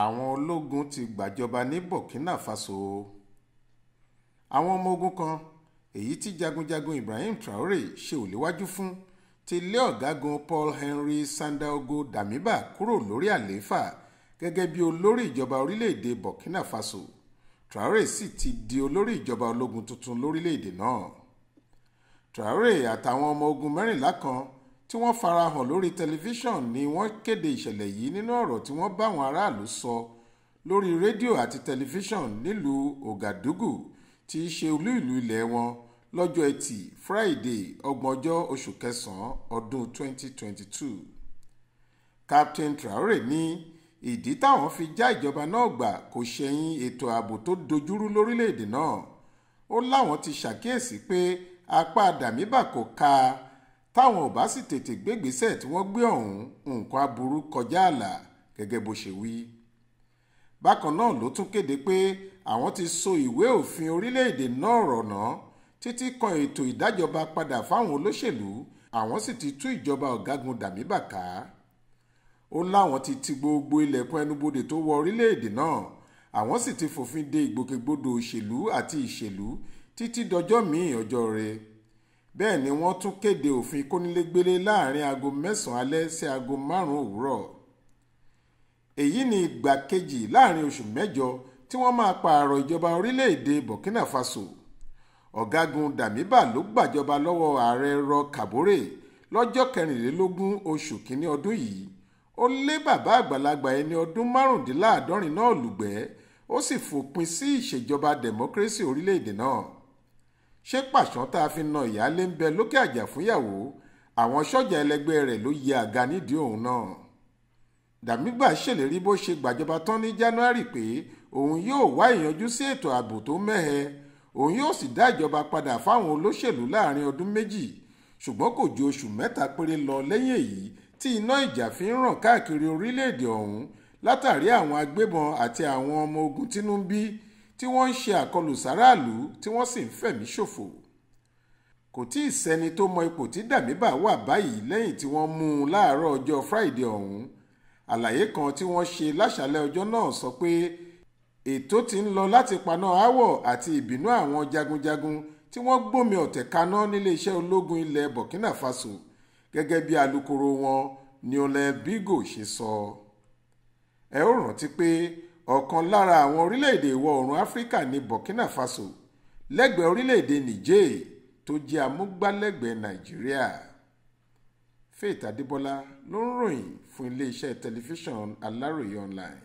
àwọn ológun ti gbàjọba ní burkina faso àwọn ọmọ ogun kan èyí tí jagunjagun ibrahim traore ṣe ò léwájú fún ti lé ọ̀gágun paul henry sandaogo damiba kúrò lórí àlééfà gẹ́gẹ́ bí olórí ìjọba orílẹ̀-èdè burkina faso traore sì ti di olórí ìjọba ológun tuntun lórílẹ̀-èdè náà traore àtàwọn ọmọ ogun mẹ́rìnlá kan tí wọ́n farahàn lórí tẹlifíṣàn ni wọ́n kéde ìṣẹ̀lẹ̀ yìí nínú ọ̀rọ̀ tí wọ́n bá àwọn aráàlú sọ lórí rédíò àti tẹlifíṣàn nílùú Ouagadougou tí í ṣe olú ìlú ilẹ̀ wọn lọ́jọ́ Ẹtì Friday ọgbọ̀njọ́ oṣù kẹsàn-án ọdún 2022 Captain Traore ní ìdí táwọn fi já ìjọba náà gbà kò ṣẹ̀yìn ètò ààbò tó dojúrú lórílẹ̀‐èdè náà ó láwọn ti ṣàkíyèsí pé apá dàmíbà kò ka táwọn ò bá sì tètè gbégbésẹ̀ tí wọ́n gbé ọ̀hún nǹkan aburú kọjá àlà gẹ́gẹ́ bó ṣe wí. bákan náà ló tún kéde pé àwọn ti so ìwé òfin orílẹ̀-èdè náà rọ̀nà títí kan ètò ìdájọba padà fáwọn olóṣèlú àwọn sì ti tú ìjọba ọ̀gágun Dàmíbà ká ó láwọn ti ti gbogbo ilẹ̀kùn ẹnubodè tó wọ orílẹ̀-èdè náà àwọn sì ti fòfin de ìgbòkègbodò òṣèlú àti ìṣèlú títí dọjọ́ míì ọjọ́ rẹ̀ bẹ́ẹ̀ ni wọ́n tún kéde òfin kónílégbélé láàrin aago mẹ́sàn-án alẹ́ sí aago márùn-ún òwúrọ̀ èyí ni ìgbà kejì láàrin oṣù mẹ́jọ tí wọ́n máa pààrọ̀ ìjọba orílẹ̀-èdè Burkina Faso ọ̀gágun Damiba ló gbàjọba lọ́wọ́ ààrẹ rọ Kabore lọ́jọ́ kẹrìnlélógún oṣù kínní ọdún yìí ó lé bàbá àgbàlagbà ẹni ọdún márùndínláàádọ́rin náà lùgbẹ́ ó sì fòpin sí ìṣèjọba democracy orílẹ̀-èdè náà ṣé pàṣán tá a fi na ìyáálé ń bẹ lókè àjà fúnyàwó àwọn sọ́jà ẹlẹgbẹ́ rẹ̀ ló yẹ àga nídìí òun náà dàmígbà ṣèlérí bó ṣe gbàjọba tán ní january pé òun yóò wá ìyanjú sí ètò ààbò tó mẹ́hẹ òun yóò sì dá ìjọba padà fáwọn olóṣèlú láàrin ọdún méjì ṣùgbọ́n kò ju oṣù mẹ́ta péré lọ lẹ́yìn èyí tí iná ìjà fi ń ràn káàkiri orílẹ̀-èdè ọ̀hún látàrí àwọn agbébọn àti àwọn ọmọ ogun tínú ń bí tí wọ́n ń ṣe àkọlù sáràlú tí wọ́n sì ń fẹ̀mí ṣòfò kò tí ì sẹ́ni tó mọ ipò tí Dàmíbà wà báyìí lẹ́yìn tí wọ́n mú un láàárọ̀ ọjọ́ Friday ọ̀hún àlàyé kan tí wọ́n ṣe láṣàlẹ̀ ọjọ́ náà sọ pé ètò ti ń lọ láti paná aáwọ̀ àti ìbínú àwọn jagunjagun tí wọ́n gbòmì ọ̀tẹ̀ kaná níléeṣẹ́ ológun ilẹ̀ Burkina Faso gẹ́gẹ́ bí alukoro wọn Niolè Bigo ṣe sọ ẹ ó rántí pé ọ̀kan lára àwọn orílẹ̀-èdè ìwọ̀ oòrùn áfíríkà ní burkina faso lẹ́gbẹ̀ẹ́ orílẹ̀-èdè niger tó jẹ́ amúgbálẹ́gbẹ̀ẹ́ nàìjíríà faith adébọlá ló ń ròyìn fún iléeṣẹ́ tẹlifíṣàn aláròye online